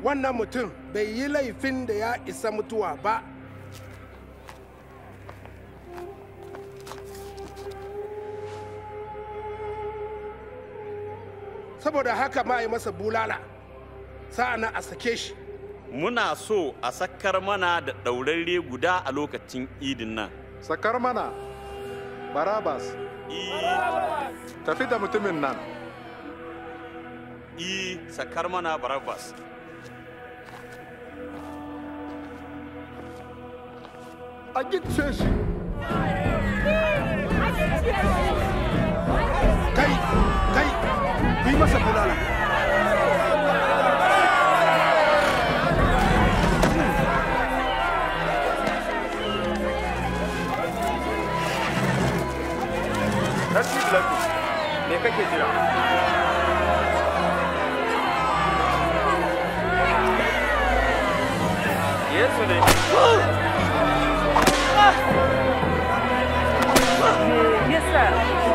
wannan mutum bai yi laifin da ya isa mutuwa ba saboda haka ma yi masa bulala na a sake shi muna so a sakar mana da ɗaurarre guda a lokacin idin nan sakar mana barabas tafi da mutumin nan i sakar mana barabas agitseshi kai kai ku yi masa bulala n e r c i Blago. Me kake jira? Yesu ne. Yes, sir.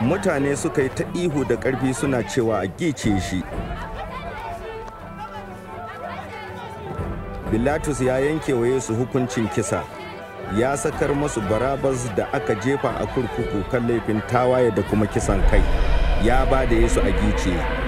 mutane suka yi ta ihu da karfi suna cewa a gice shi bilatus ya yanke wa yesu hukuncin kisa ya sakar masu barabas da aka jefa a kurkuku kan laifin tawaye da kuma kisan kai ya ba da yesu a gice